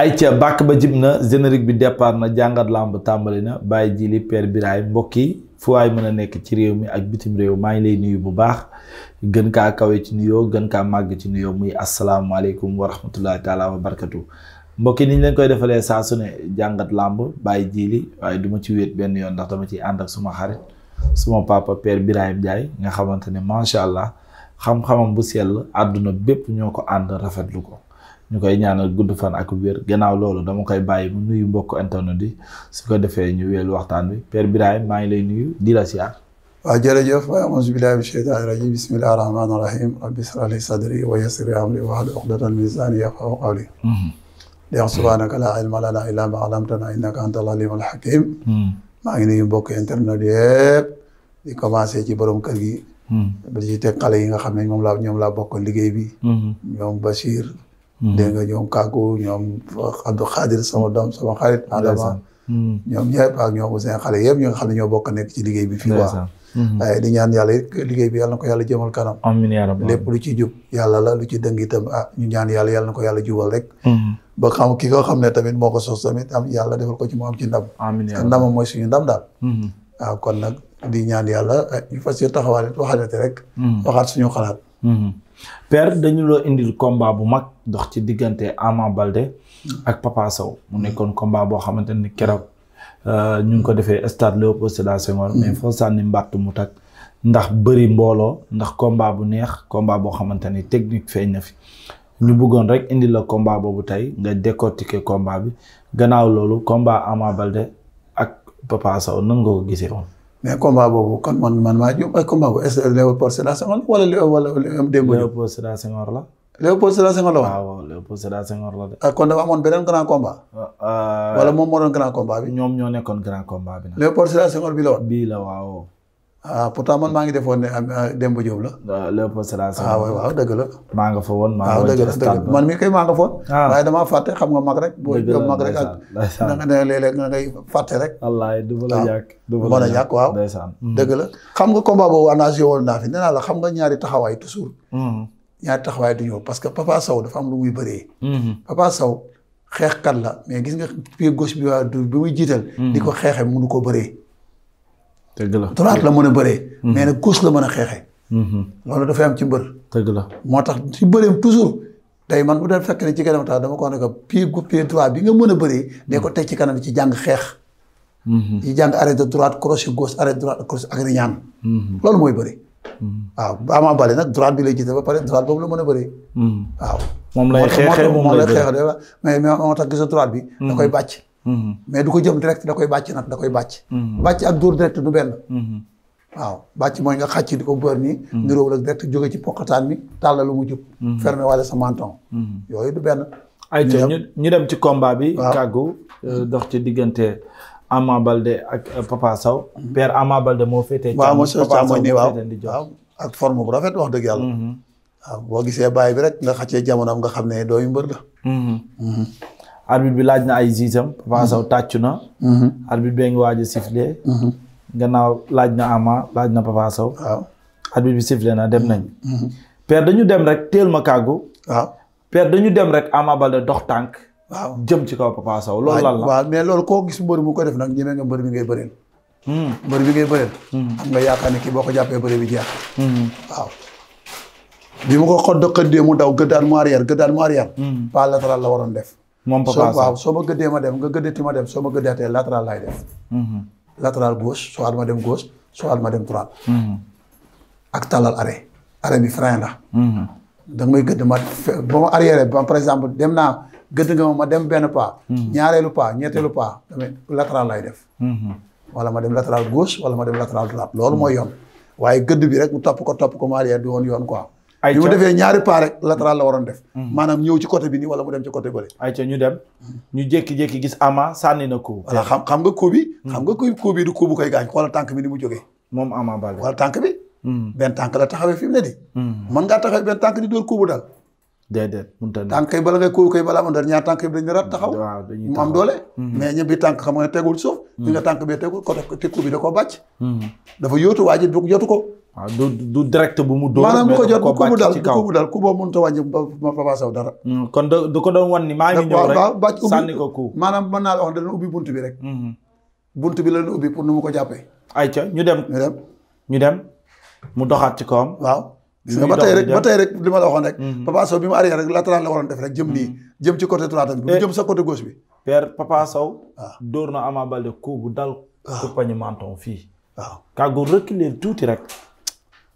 ay ayca bàkk ba jib na générique bi départ na jàngat làmb tàmbali na bàyyi jiili père Biraay mbokk yi fu waay mën a nekk ci réew mi ak bitim réew maa ngi lay nuyu bu baax gën kaa kawe ci nuyoo gën kaa màgg ci nuyoo muy asalaamualeykum wa rahmatullahi taala wa barkatu mbokk yi ni koy defalee saa su ne jàngat làmb bàyyi jili waaye duma ci wéet benn yoon ndax dama ciy ànd ak suma xarit suma papa père Birahim Ndiaye nga xamante ne macha allah xam bu sell àdduna bépp ñoo ko ànd rafetlu ko. ñu koy ñaanal gudd fan ak wér gannaaw loolu dama koy bàyyi mu nuyu mbokk internet di su ko defee ñu wéelu waxtaan bi Père Birahim maa ngi lay nuyu di la siyaar waaw jërëjëf waaye auzu billahi min sheytaani rajim bismillahi rahmaani rahim rabbi israh li wa yassir li amri wahlul uqdatan min lisaani yafqahu qawli mm-hmm. di wax subhaanaka laa ilma lanaa illaa maa mm-hmm. ngi nuyu mbokk internet yëpp di commencé ci borom kër gi ba mm-hmm. ci teg xale yi nga xam ne moom laa ñoom laa bokk liggéey bi ñoom Bachir Hmm. dégg nga ñoom kàkku ñoom Abdou Khadir sama doom sama xarit. Adama hmm. ñoom Ndiaye Paak ñoom seen xale yëpp ñu nga xam ne ñoo bokk nekk ci liggéey bi fii waa hmm. waaye di ñaan yàlla bi yàlla na ko yàlla jëmal kanam. amiin yaa rabbi lu ci jub yàlla la lu ci dëng itam ah ñu ñaan yàlla na ko yàlla jubal rek. ba xam ki nga xam ne tamit moo ko sos tamit am yàlla defal ko ci mu am ci ndam. amiin yaa rabbi ndamam mooy suñu ndam daal. waaw ah, kon nag di ñaan yàlla ah, ñu fas yéene taxawaale waxaat suñu xalaat. Mhm. père dañu loo indil combat bu mag dox ci diggante Ama balde ak Papa mu nekkoon combat boo xamante ni keroog euh, ñu ngi ko defee stade Léopold Sédar Senghor mais mhm. foo sànni mbàtt mu takk ndax bëri mbooloo ndax combat bu neex combat boo xamante ni technique feeñ na fi ñu bëggoon rek indi la combat boobu tey nga décortiquer combat bi gannaaw loolu combat Ama balde ak Papa Sow nan nga ko gisee woon mais combat boobu kon man man maa jum ay combat boobu est-ce que Léopold Sédar Senghor la wala li wala li am démb. Léopold Sédar Senghor la. Léopold Sédar la waaw ah, waaw Léopold Sédar Senghor la de. ah kon dafa amoon beneen grand combat. Ah, ah. wala moom moo doon grand combat bi. ñoom ñoo nekkoon grand combat bi. Léopold Sédar Senghor bi la woon. bii la waaw. ah pourtant man maa ngi defoon ne ah, ah, Demba Diop la. waaw Léopold Sédar Senghor. ah waaw dëgg la. maa nga fa woon maa ah, nga dëgg la dëgg man mii kay maa nga fa woon. waaye damaa fàtte xam nga mag rek. boo jëm mag rek ak na nga ne léeg nga ngay fàtte rek. wallaay du ma la yàq. du ma la yàq waaw ndeysaan mm. dëgg la. xam nga combat boobu annoncé woon naa fi nee la xam nga ñaari taxawaay toujours. Mm. ñaari taxawaay du ñëw parce Papa Sow dafa am lu muy bëree. Mm. Papa Sow xeexkat la mais gis nga pied gauche bi muy jiital. di ko xeexee mënu ko bëree dëgg la droite la mën a bëree. Mhm. mais nag gauche la mën a xeexee. Mhm. loolu dafay am ci mbër. la moo tax ci bëreem toujours day man bu daan fekk ne ci kanam tax dama ko wax ne que pied gu pied droit bi nga mën a bëree. day ko teg ci kanam ci jàng xeex. Mhm. ci jàng arrêt de droite crochet gauche arrêt de droite crochet ak riñaan. loolu mooy bëri. waaw Ama Baldé nag droite bi lay jiite ba pare droite boobu la mën a bëree. waaw. moom lay xeexee moom lay xeexee mais mais tax gis droite bi. da koy bàcc. Mm-hmm. mais du ko jëm direct da koy bàcc nag da koy bàcc. Mm-hmm. bàcc ak dóor direct du benn. Mm-hmm. waaw bàcc mooy nga xàcc di ko bër nii. la direct jóge ci poqataan bi tàllalu mu jub. fermé wala sa menton. yooyu du benn. ay ñu ñu dem ci combat bi. kàggu euh, dox ci diggante Ama Balde ak euh, Papa saw père Ama Balde moo féetee. waaw moo mooy nii waaw waaw ak forme bu rafet wax dëgg yàlla. waaw boo gisee bàyyi bi rek nga xàccee jamonoom nga xam ne dooyu mbër la. arbitre bi laaj na ay ziisam Papa tàccu na mhm. arbitre bee ngi waaj a sifflé mhm. gannaaw laaj na Ama laaj na Papa Sow waaw arbitre bi sifflé na dem nañ mhm. per dañu dem rek teel ma kàggu waaw père dañu dem rek Ama Baldé dox tànk waaw jëm ci kaw Papa Sow loolu lan la mais loolu koo gis mbër mu ko def nag ñemee nga mbër bi ngay bëreel hmm. mbër bi ngay bëreel hmm. am nga yaakaar ne kii boo ko jàppee bëre bi jeex hmm. waaw bi mu ko xodd xëddee mu daw gëddaan mu arrière gëddaan mu arrière pas latéral la waroon def moom papa soo waaw soo ma gëddee ma dem nga gëddati ma dem soo ma gëddaatee latéral laay def. Mhm. latéral gauche soit ma dem gauche soit ma dem droite. Mhm. ak tàllal arrêt arrêt bi frein la. Mhm. da nga may gëdd ma ba ma arrière ba par exemple dem naa gëdd nga ma ma dem benn pas. ñaareelu pas ñetteelu pas tamit latéral lay def. wala ma dem latéral goos wala ma dem latéral droite loolu mooy yoon. waaye gëdd bi rek mu topp ko topp ko ma arrière bi woon yoon quoi. bi mu defee ñaari pas rek latéral la waroon def mm-hmm. maanaam ñëw ci côté bi nii wala mu dem ci côté bële ayca ñu dem ñu jékki-jékki gis Ama sànni na ko voilà xam xam nga coup bi mm-hmm. xam ko coup bi bi ni a mm-hmm. ngay kóobu koy balaa mënut a ñaar tànk yi dañuy rat taxaw mu am doole mais ñëpp bi xam nga tegul suuf bi nga tànk bee tegul côté te kub dafa yóotu waa ji du yóotu ko waaw du du direct bu mu. dóor maanaam du ko jot du ko mu dal du ko mu dal ku boobu a hmm, kon du ko doon wan ni maa ngi ñëw rek sànni ko maanaam mën naa la wax ne dañu ubbi bunt bi rek. Hmm, hmm. bunt bi la ñu ubbi pour nu ko jàppee. ayca ñu ñu dem. ñu dem mu doxaat ci kawam. waaw gis nga ba tey rek ba tey rek li ma la waxoon rek. Papa Sow bi mu arrière rek latéral la waroon def rek jëm nii jëm ci côté droite bi eh. jëm sa côté gauche bi. père Papa Sow. waaw ah. dóor na Ama Baldé ku dal. waaw ku pañu menton fii. waaw ah. kàggu reculer tuuti rek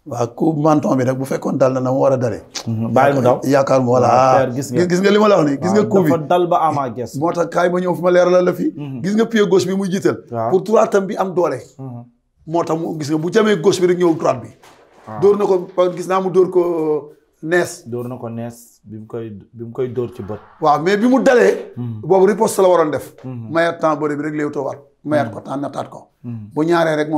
waaw coup menton bi nag bu fekkoon dal na na mu war a dalee. Mhm, bàyyi mu daw yaakaar mu voilà. Ah, ah, gis nga gis nga li ma la wax nii gis nga ah, coup bi dafa dal ba a ges moo tax kaay ma ñëw fu ma leeralal la fii. Mhm. gis nga pied gauche bi muy jiital. pour droite tam bi am doole. Mhm. moo tax mu gis nga bu jamee goos bi rek ñëw droite bi. dóor na ko gis naa mu dóor ko euh, nees. dóor na ko nees bi mu koy bi mu koy dóor ci bët. waaw mais bi mu dalee. boobu riposte la waroon def. mayaat temps bëre bi rek léew too war. mayaat ko temps nataat ko. bu ñaaree rek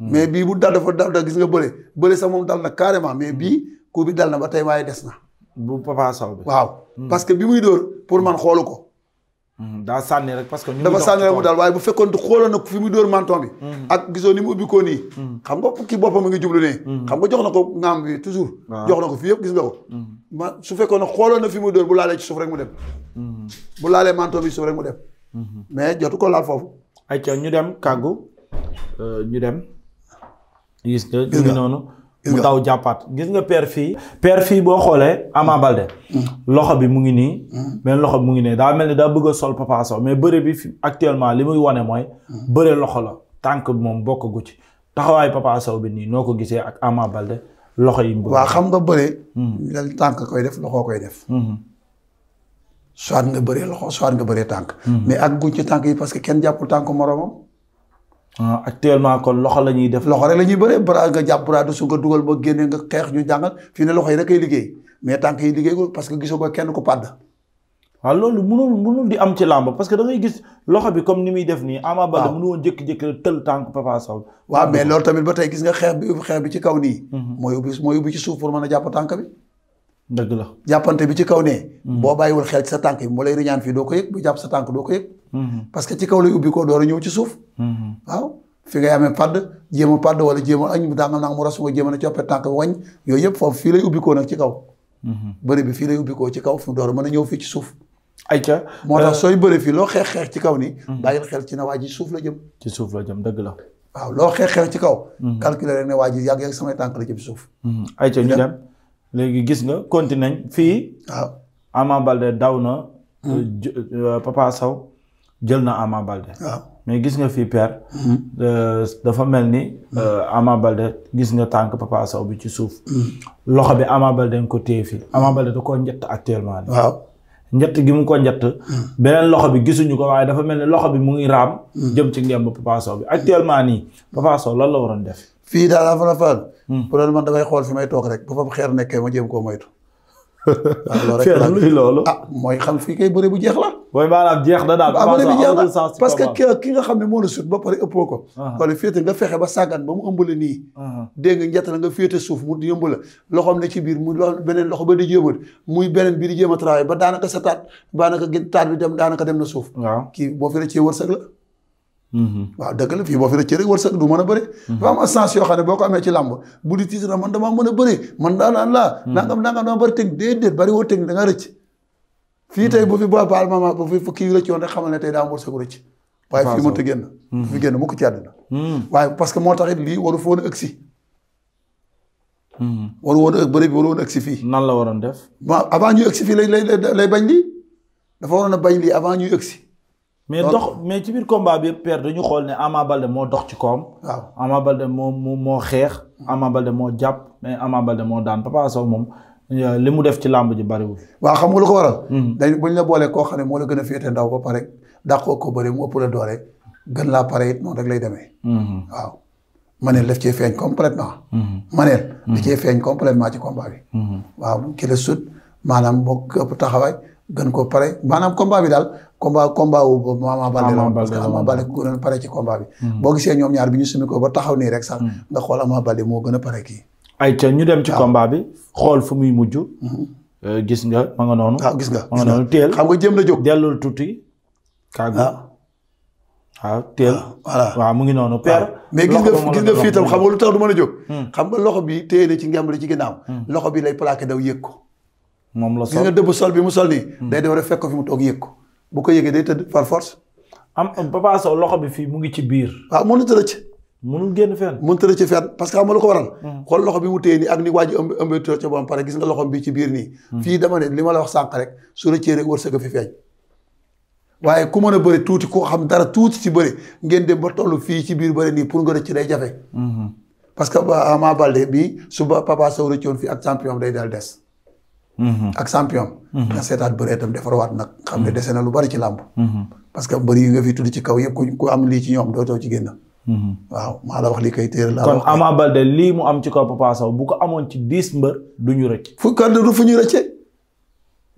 mais bii bu dal dafa dal da gis nga bële bële sax moom dal na carrément mais bii coup bi dal na ba tey waaye des na. bu Papa Sow bi waaw. Hmm. parce que bi muy dóor pour man xoolu ko. Hmm, daa sànni rek parce que. ñu dafa sànni rek mu daal waaye bu fekkoon xooloon na fi muy dóor menton bi. Hmm. ak gisoo ni mu ubbi ko nii. xam nga kii boppam mi ngi jublu ne. xam nga jox na ko ngaam bi toujours. jox na ko fii yëpp gis nga ko. ma su fekkoon xooloon na fi muy dóor bu laalee ci suuf rek mu dem. bu laalee menton bi suuf mu dem. mais jotu ko laal foofu. ayca ñu dem kàggu euh, ñu dem. gis nga gis nga noonu. mu daw nga père fii. per fii boo xoolee Ama mm. Balde. Mm. loxo bi mu ngi nii. Mm. benn loxo bi mu ngi nii daa mel ni daa bëgg sol Papa mais bëre bi fi actuellement li muy wane mooy. bëre loxo la tànk moom bokk gu ci taxawaayu Papa bi nii noo ko gisee ak Ama Balde loxo yi. waa xam nga bëre. lan tànk koy def loxo koy def. Mm-hmm. soit nga bëree loxo soit nga bëree tànk. Mm-hmm. mais ak guñ tànk yi parce que kenn jàppul tànk moromam. ah actuellement kon loxo la ñuy def. loxo rek la ñuy bëree bras nga jàpp bras su nga dugal ba génne nga xeex ñu jàngal fii ne loxo yi rek ay liggéey mais tànk yi liggéey ko parce que gisoo ko kenn ku am ci làmb parce que da ngay gis loxo bi comme ni muy def nii. Ama Baldé mënu woon jékki-jékki la mais loolu tamit ba tey gis nga xeex bi xeex bi ci kaw nii. Mhm. mooy ubbi mooy ubbi ci suuf pour mën a jàpp tànk bi. dëgg la jàppante bi ci kaw nee. Mhm. boo bàyyiwul xel ci sa tànk yi moo lay riñaan fii doo ko yëg bu jàpp sa tànk doo ko yëg Mm-hmm. parce que ci kaw lay ubbi ko door a ñëw ci suuf. Mm-hmm. waaw fi ngay amee padd jéem a padd wala jéem a añ mu daangal naa mu rasu nga jéem a ne coppe tànk wañ yooyu yëpp foofu fi lay ubbi ko nag ci kaw. Mm-hmm. bëri bi fii lay ubbi ci kaw fu mën a ñëw fii ci suuf. ayca moo tax euh, sooy bëri fii loo xeex xeex ci kaw ni bàyyil xel ci na waa ji suuf la jëm. ci suuf la jëm dëgg la. waaw loo xeex xeex ci kaw. calculer rek ne waa ji yàgg yàgg samay tànk la jëm suuf. ayca ñu dem léegi gis nga continué fii. waaw Ama Baldé daw na. Mm. Euh, Papa Sow jël na Ama Balde. waaw mais gis nga fii père. Mhm. Euh, dafa mel ni. Mhm. Euh, Ama Balde gis nga tànk Papa bi ci suuf. Mhm. loxo bi Ama Balde nga ko téye fii Ama Balde da koo njëtt actuellement. waaw njëtt gi mu ko njëtt. beneen loxo bi gisuñu ko waaye dafa mel ni loxo bi mu ngi raam. jëm ci ngemb Papa bi actuellement nii Papa Sow lan la waroon def. fii daal a fa la faal. bu doon man damay xool fi may toog rek bu fa xeer nekkee ma jéem koo moytu. Ah, feeñ loolu ah mooy xam fi kay bëre bu jeex la. mooy maanaam jeex da daal. Ah, bëre bu parce que ki nga xam ne moo la sut ba pare ëppoo ko. Ah. wala féete nga fexe ba sàggan ba mu ëmbale nii. dégg nga njett la nga féete suuf mu yëmb la loxoom ne ci biir mu loxo beneen loxo ba di jéem muy beneen bi di jéem a travail ba daanaka sa taat daanaka taat bi dem daanaka dem na suuf. waaw kii boo fee la cee wërsëg la. Mm-hmm. waaw dëgg la fii boo fi rëccee rek wërsëg du mën a bëre mm-hmm. dafa am assance yoo xam ne boo ko amee ci làmb bu di tiis na man damaa mën a bëre man daanaan laa mm-hmm. nangam nangam dama bëri technique déedéet bëri woo technique da nga rëcc fii tey bu fi ba baal mama bu fi fukki rëcc woon rek xamal ne tey daa am wërsëgu rëcc waaye fii mënta génn fi génn mukk ci àddina waaye parce que moo taxit lii waru foon a ëgsi waru a a ëgsi fii nan la waroon def avant ñuy ëgsi fii lay bañ lii dafa mais dox mais ci biir combat bi père dañu xool ne Ama Balde moo dox ci koom. waaw Ama Balde moo moo xeex. Ama Balde moo jàpp mais Ama Balde moo daan Papa Sow moom euh, li mu def ci làmb ji bariwul. waaw xam nga lu ko waral. Hmm. dañ buñ la boolee koo xam ne moo la gën a féete ndaw ba pare dàqoo ko bëri mu ëpp la doole gën laa pare it noonu rek lay demee. Hmm. waaw maneel daf cee feeñ complètement hmm. maneel da cee feeñ complètement ci combat bi. waaw ki la sut maanaam bokk ëpp taxawaay. gën ko pare maanaam combat bi daal combat combat wu Ama Baldé la parce que Ama Baldé a pare ci combat bi hmm. boo gisee ñoom ñaar bi ñu sumi ko ba taxaw nii rek sax hmm. nga xool Ama Baldé moo gën a pare kii ay ca ñu dem ci combat bi xool fu muy mujj hmm. euh, gis nga ma nga noonu waaw ah, gis nga ma nga noonu teel xam nga jéem na jóg dellul tuuti kàggu ah. ah, waaw teel voilà mu ngi noonu père mais gis nga gis nga fii tam xam nga lu tax du mën a jóg xam nga loxo bi téye na ci ngemb li ci loxo bi lay plaqué daw yëg ko moom la sol nga dëbb sol bi mu sol nii. Hmm. day def rek fekk ko fi mu toog yëg ko bu ko yëgee day tëdd par force. am Papa loxo bi fii mu ngi ci biir. waaw mënut a rëcc. mënul génn fenn. mënut a rëcc fenn parce que xam nga ko waral. Hmm. xool loxo bi mu téye nii ak ni waa ji ëmb ëmb ci ba pare gis nga loxom bi ci biir nii. Hmm. fii dama li ma la wax sànq rek su rëccee rek wërsëg fi feeñ. waaye ku mën a bëri tuuti koo xam dara tuuti ci bëri ngeen dem ba toll fii ci biir bëri nii pour nga rëcc day jafe. parce que Ama Baldé bii suba Papa Sow rëccoon fii ak champion day daal des. Mm-hmm. ak champion. Mm-hmm. nga seetaat bëree itam defarwaat nag. xam ne mm-hmm. dese na lu bari ci làmb. parce que yi nga fi tudd ci kaw yëpp ku am lii ci ñoom dootoo ci génn. waaw maa la wax lii kay téere laa. kon Ama Balde lii mu am ci kaw Papa bu ko amoon ci dix mbër du ñu rëcc. fu kan fu ñu rëcce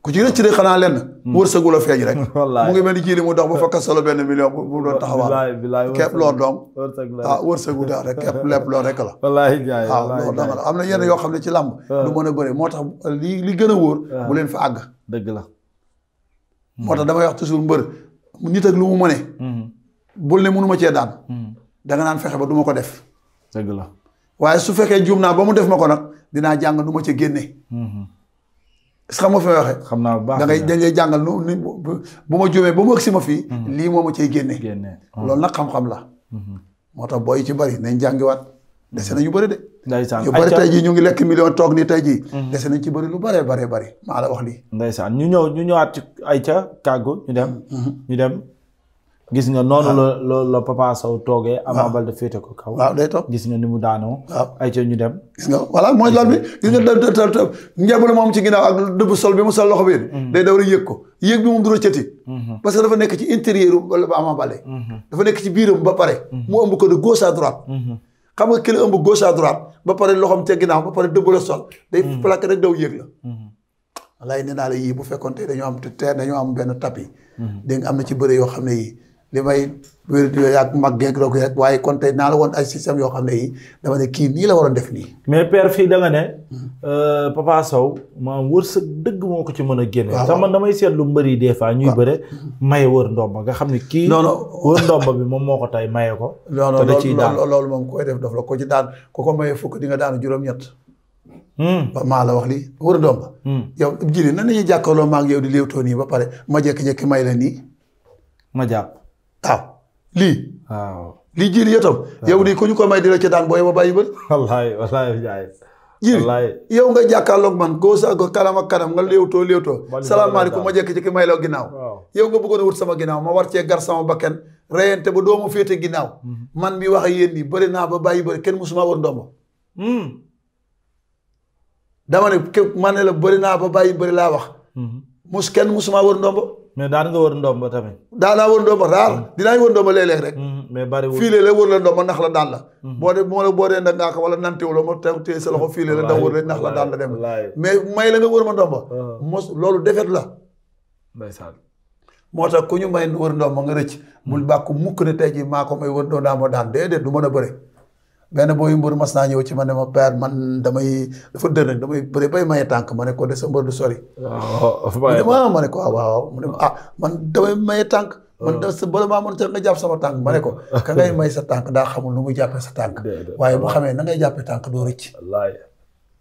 ku ci rëcc rek xanaa lenn. Hmm. wërsëgu la feeñ rek. mu ngi mel ni jiili mu dox ba fakka solo benn million bu mu doon taxawaal. képp loo doon. ah wërsëgu daal rek képp lépp loo rek la. wallaahi jaay wallaahi jaay am na yenn yoo xam ne ci làmb. Ah. du mën a bëri moo tax li li gën a wóor. Ah. bu leen fa àgg. dëgg la. moo tax damay wax toujours mbër nit ak lu mu mënee. Hmm. bul ne mënuma cee daan. Hmm. danga naan fexe ba du ma ko def. dëgg la waaye su fekkee juum naa ba mu def ma ko nag dinaa jàng nu ma ca génne. xam nga fi may waxee. xam naa bu baax da ngay dañ lay jàngal nu ni bu ma jóomee ba mu ëgg si ma fii. Mhm. lii moo ma cay génne. génne mhm. loolu nag xam-xam la. Mhm. moo tax booy ci bëri nañ jàngiwaat. dese nañu bëri de. ndeysaan yu bëri tey jii ñu ngi lekk million toog nii tey jii. dese nañ ci bari lu bare bëree bari maa la wax lii. saan ñu ñëw ñu ñëwaat ci ca kàggu ñu dem. ñu dem. gis nga noonu ah. la la la Papa Sow toogee. waaw ah. Ama Baldé féete ko kaw. waaw day toog gis nga ni mu daanoo. waaw ah. ay ca ñu dem. gis nga voilà mooy lool bi gis nga da da da njaboot moom ci ginnaaw ak dëbb sol bi mu ëmb ko de gauche droite. Mm-hmm. xam nga kii ëmb gauche droite ba pare loxoom ca ginnaaw ba pare dëbb la sol. day mm-hmm. plaqué rek daw yëg la. Mm-hmm. wallaay nee la yii bu fekkoon tey dañoo am te dañoo am benn tapis. dégg nga am na ci bëre yoo xam ne yii li may wér ak mag geeg rek waaye kon tey naa la woon ay système yoo xam ne yi dama ne kii nii la a def nii. mais père fii da nga ne. Hmm. Euh, Papa Sow maam wërsëg dëgg moo ko ci mën a génne. waaw te man damay seetlu mbër yi des fois ñuy bëre. maye wër ndomba nga xam ne kii. non non wër ndomba moom moo ko tey maye ko. te da ciy daan non non loolu moom koy def daf la ko ci daan ko ko maye fukk di nga daanu juróom-ñett. Hmm. ba maa la wax lii wër ndomba. Hmm. yow jii nan la ñuy jàkkaarloo maa ngi yow di léewtoo nii ba pare ma jékki-jékki may la nii ma jàpp waaw lii. lii jiili yëtam. yow di ku ñu ko may di la ci daan booy ba bàyyi bëri. wallaahi wallaahi jaay. wallaahi yow nga jàkkaarloog man góos ak kanam ak kanam nga léewtoo léewtoo. salaamaaleykum ma jekk ci ki may la ginnaaw. yow nga bëggoon a wut sama ginnaaw ma war cee gar sama bakken reyante ba doomu féete ginnaaw. Mm-hmm. man mi wax ak yéen nii bëri naa ba bàyyi bëri kenn musuma war ndomba. Mm. dama ne képp man ne la bëri naa ba bàyyi bëri laa wax. Mm-hmm. mus kenn suma wër ndombo. mais daan nga wër ndombo tamit. daanaa wër ndombo raar mm. dinaa wër ndombo léeg-léeg rek. Mm, mais bariwul fii léeg-léeg wër la ndombo nax la daan la. Mm. boo dee moo la boo dee nag ngaaka wala nantewu la moo tax téye sa loxo fii léeg la ndax wër la dem. mais may la nga wër ma ndombo. Ah. mos loolu defet la. ndeysaan. moo tax ku ñu may wër ndombo nga rëcc. mu bàkku mukk ne tey jii maa ko may wër ndombo daa ma daan déedéet du mën a bëre benn booyu mbër mas naa ñëw ci ma ne ma père man damay dafa dër nag damay bëri bay maye tànk ma ne ko de sa mbër du sori. waaw oh, ma ne ko ah, waaw mu ne ma ah man damay maye tànk. man oh. da sa bala maa mën nga jàpp sama tànk ma ne ko. ka ngay may sa tànk daa xamul nu muy jàppee sa tànk. waaye bu xamee na ngay jàppee tànk doo rëcc.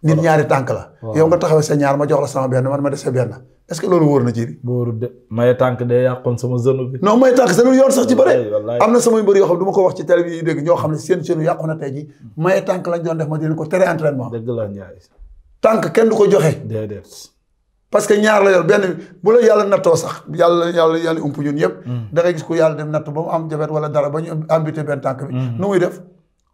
nit ñaari tànk la. yow nga taxawee sa ñaar ma jox la sama benn man ma dese benn est-ce que loolu wóor na ci. wóorul de maye tànk de yàqoon sama zone bi. non maye tànk seen yoon sax ci bëre. am na samay mbër yoo xam ne du ko wax ci télé bi dégg ñoo xam ne seen seen yàqu na tey jii maye tànk lañ doon def ma di ko tere entraînement. la Ndiaye. tànk kenn du ko joxe. déedéet. ñaar la yor benn bu la yàlla nattoo sax yàlla yàlla yàlla ump ñun ñëpp. Hmm. da gis ko yàlla dem ba am jabet wala dara ba ñu ambité benn tànk bi. Hmm. nu muy def.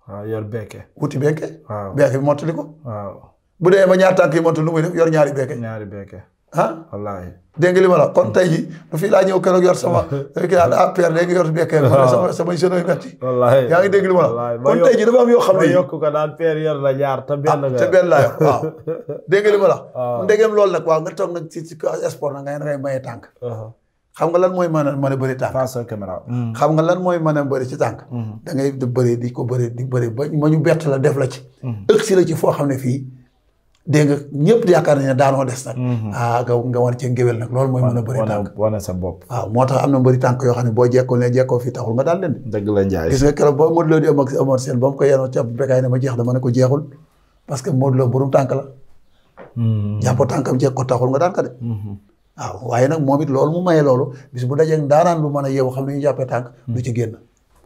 waaw bu dee ba ñaar tànk yi montu lu muy def yor ñaari beeke. ñaari beeke. ah wallaahi. dégg nga li ma la kon tey jii du fii laa ñëw keroog yor sama kii daal ah père léegi yor beeke. waaw sama sama jeune yu metti. wallaahi yaa ngi dégg li la kon tey jii dafa am yoo xam ne. ma yokk ko daal père yor ah, ma la. waaw ndegem uh-huh. a a bëri mm. a mm-hmm. bëri di ko bëri di bëri ba ñu bett la def la ci. Mm-hmm. ëgg si la ci foo xam ne fii dégg nga ñëpp yaakaar nañ ne daanoo des nag. Mhm. Ah, nga nga war cee loolu mooy. mën a bëri tànk sa bopp. waaw moo tax am na mbëri tànk yoo xam ne boo jekkoo ne jekkoo fii taxul nga daal leen. dëgg la Ndiaye gis nga keroog boo Modou Lo di Eumeu Eumeu Sène ba mu ko yenoo ca bekkaay ne ma jeex dama ne ko jeexul parce que Modou Lo borom tànk la. Mhm. jàpp tànkam jekkoo taxul nga daan ko de. Mhm. waaw waaye nag moom it loolu mu maye loolu bis bu dajee ndaanaan lu man a yeewu xam ne ñu jàppee tànk. du ci génn.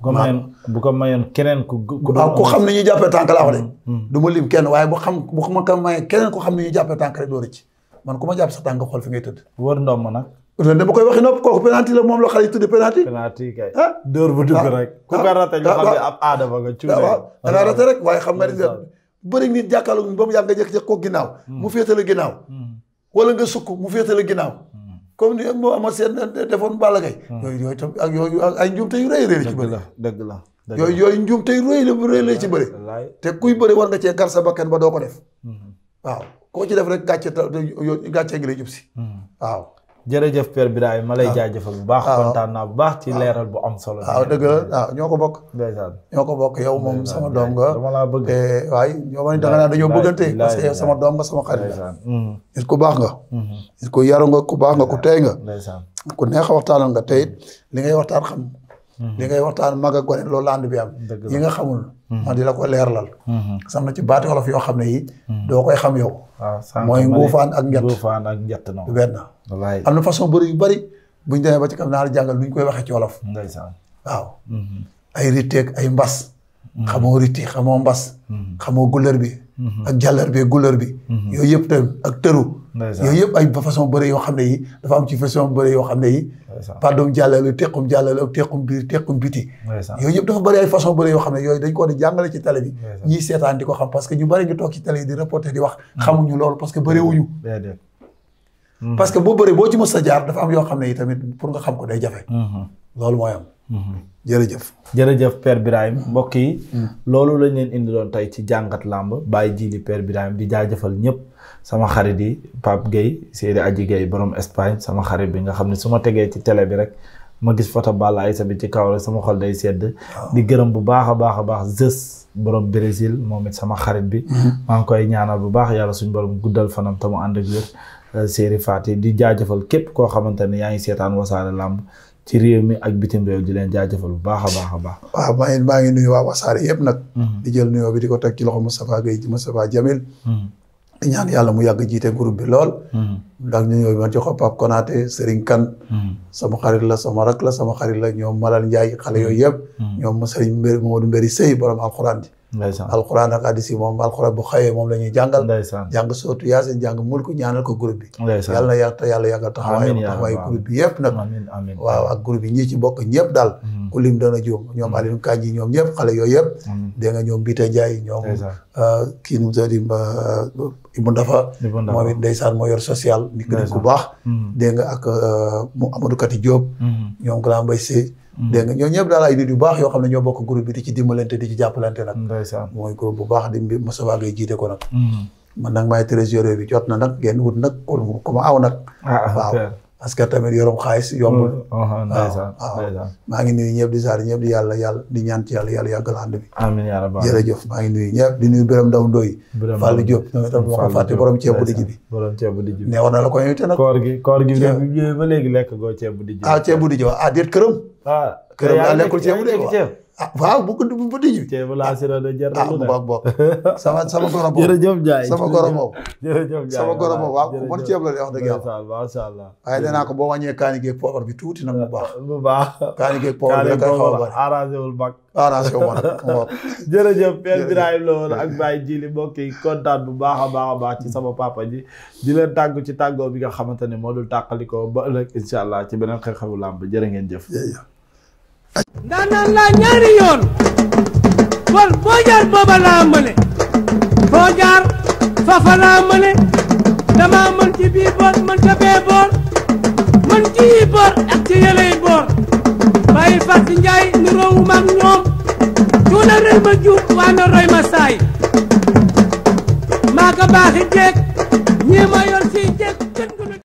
bu ko mayoon bu ko mayoon keneen ku. ku waaw ku xam ne ñuy jàppee tànk laa wax de. Mm, mm. du ma lim kenn waaye bu xam bu ma keneen ku xam ne ñuy jàppee tànk rek doo rëcc man ku ma jàpp sa tànk xool fi ngay tëdd. wër ndoom ma nag. dama koy waxi nopp kooku penalty la moom la xale yi tuddee penalty. penalty ah. bu dugg ah. rek. ku ko ah. rate ñu xam aada ba nga cuune. waaw danaa rate rek ba mu yàgg nga jëkk-jëkk ko ginnaaw. Mm. mu féetale ginnaaw. wala nga sukk mu féetale ginnaaw. comme ni moo ama seen defoon Balla Gaye hmm. yooyu yooyu tam ay njuum tey rëy rëy la ci bëri la yooyu yooyu njuum tey rëy la rëy la ci bëri te kuy bëri war nga cee gar sa bakkan ba doo ko def hmm. waaw koo ci def rek gàcce gàcce gi lay jub si hmm. waaw jërëjëf Père Birahim ma lay ah. jaajëfal bu baax. Ah. bu baax ci ah. leeral bu am solo. waaw dëgg la waaw ñoo ko bokk. ndeysaan ñoo ko bokk yow moom sama doom nga. dama laa bëgg eh, waaye ñoo ba ne danga naan dañoo bëggante. parce que sama doom nga sama xarit la. Mm. nit ku baax nga. Mm-hmm. nit ku yaru nga ku baax nga ku tey nga. ku neex waxtaanal nga tey mm. li ngay waxtaan xam. li ngay waxtaan mag ak gone loolu la ànd bi am yi nga xamul hmm. ma di la ko leerlal hmm. sam na ci baati olof yoo xam ne yi hmm. doo koy xam yow ah, mooy nguufaan ak njett nguufaan ak njett noonu benn am na façon bëri yu bëri buñ demee ba ci kam naa la jàngal lu ñu koy waxee ci wolof ndeysaan waaw ay ritteeg ay mbas Mm-hmm. xamoo riti xamoo mbas mm-hmm. xamoo gulër bi mm-hmm. ak jàllar bi gulër bi yooyu yëpp tamit ak tëru yooyu yëpp ay façon bëre yoo xam ne yi dafa am ci façon bëre yoo xam ne yi pardon jàllalu tequm jàllalu ak tequm biir tequm biti yooyu yëpp dafa bëri ay façon bëre yoo xam ne yooyu ko di jàngale ci télé bi ñiy seetaan di ko xam parce que ñu bëri boo ci mës a jaar dafa am yoo xam ne yi tamit pour nga xam ko day jafe loolu mooy am jërëjëf jërëjëf Père Birahim mm. mbokk yi mm. loolu lañ leen indi doon tey ci jàngat làmb bàyyi jiili Père Birahim di jëfal ñëpp sama xarit yi Pape Gueye Seydi Aji Gueye borom Espagne sama xarit bi nga xam ne su ma tegee ci télé bi rek ma gis foto Balla Aïssa bi ci kaw rek sama xol day sedd di gërëm bu baax a baax a baax Zeus borom Brésil moom it sama xarit bi mm-hmm. maa ngi koy ñaanal bu baax yàlla suñ borom guddal fanam te mu ànd ak wér euh, Seydi Fati di jaajëfal képp koo xamante ne yaa ngi seetaan wasaare làmb ci réew mi ak bitim réew di leen jaajëfal bu baax a baax a baax. waaw maa ngi maa ngi nuyu waa wasaare yëpp nag. Hmm. di jël nuyoo bi di ko teg ci loxo Moustapha Guèye ci Moustapha Jamil. Hmm. di ñaan yàlla mu yàgg jiite groupe bi lool. Hmm. ndax ñu ñëw ma jox ko Pape Konaté Serigne Kane. sama xarit la sama rak la sama xarit la ñoom Malal Ndiaye xale yooyu yëpp. ñoom Serigne Mbéri Mamadou Mbéri Sey borom alxuraan ji. ndeysaan alxuraan moom alxuraan bu xëyee moom la ñuy jàngal. ndeysaan jàng sootu yaasin jàng mulku ñaanal ko groupe bi. na yàlla yàggal taxawaayu. amiin taxawaayu groupe bi yëpp nag. amiin amiin waaw ak groupe yi ku lim a juum ñoom mm. Alioune Kandji ñoom ñëpp xale yooyu yëpp mm. dégg nga ñoom Bité Ndiaye ñoom euh, kii nu mu tudd euh, Ibou Ndafa moom it ndeysaan moo yor social ni ko ku baax mm. dégg nga ak euh, mu Amadou Kati Diop ñoom Grand Mbaye Sy dégg nga ñoo ñëpp di ci dimbalante di ci jàppalante nag mooy groupe bu baax a Moustapha a jiite ko nag man nag maay trésorier bi jot na nag ngeen wut nag ku ma aw nag ah, waaw parce que tamit yorum xaalis yombul mm. uh-huh, maa ngi nuyu ñëpp di saar ñëpp di yàlla yàlla di ñaan ci yàlla yàlla yàggal bi amiin yàlla maa ngi nuyu ñëpp di nuyu Birame Ndaw Ndoye Fallou Diop ñoom itam ma ko fàtte borom ceeb bu ne war na la ko invité nag koor gi koor gi ba léegi lekk goo ah, ah, ah, ceeb bu dijj ah waaw bu gudd bu tijji. ceeb la asira de jar na ah, lu sama sama goro boobu jërëjëf Ndiaye sama goro boobu. jërëjëf Ndiaye sama goro boobu waaw man ceeb la de wax dëgg yàlla. macha allah waaye boo wàññee kaani geeg bi tuuti na mu baax. bu baax kaani geeg poobar bi la koy xaw a bari arrangé wul bak. arrangé wu jërëjëf Père Birahim la ak Baye Djili mbokk yi kontaan bu baax a baax baax ci sama paapa ji di leen tàggu ci tàggoo bi nga xamante ne moo dul tàqalikoo ba ëllëg incha allah ci beneen xew-xewu làmb jërë ngeen jëf ndaanaan laa ñaari yoon kon boo jaar booba laa mëne mën ci mën ca mën ci yi boor ak ci yëley njaay ni roowu maag ñoom tuuna rëy ma juut waa na roy ma saay maa ko baaxi jeeg ñii ma yor si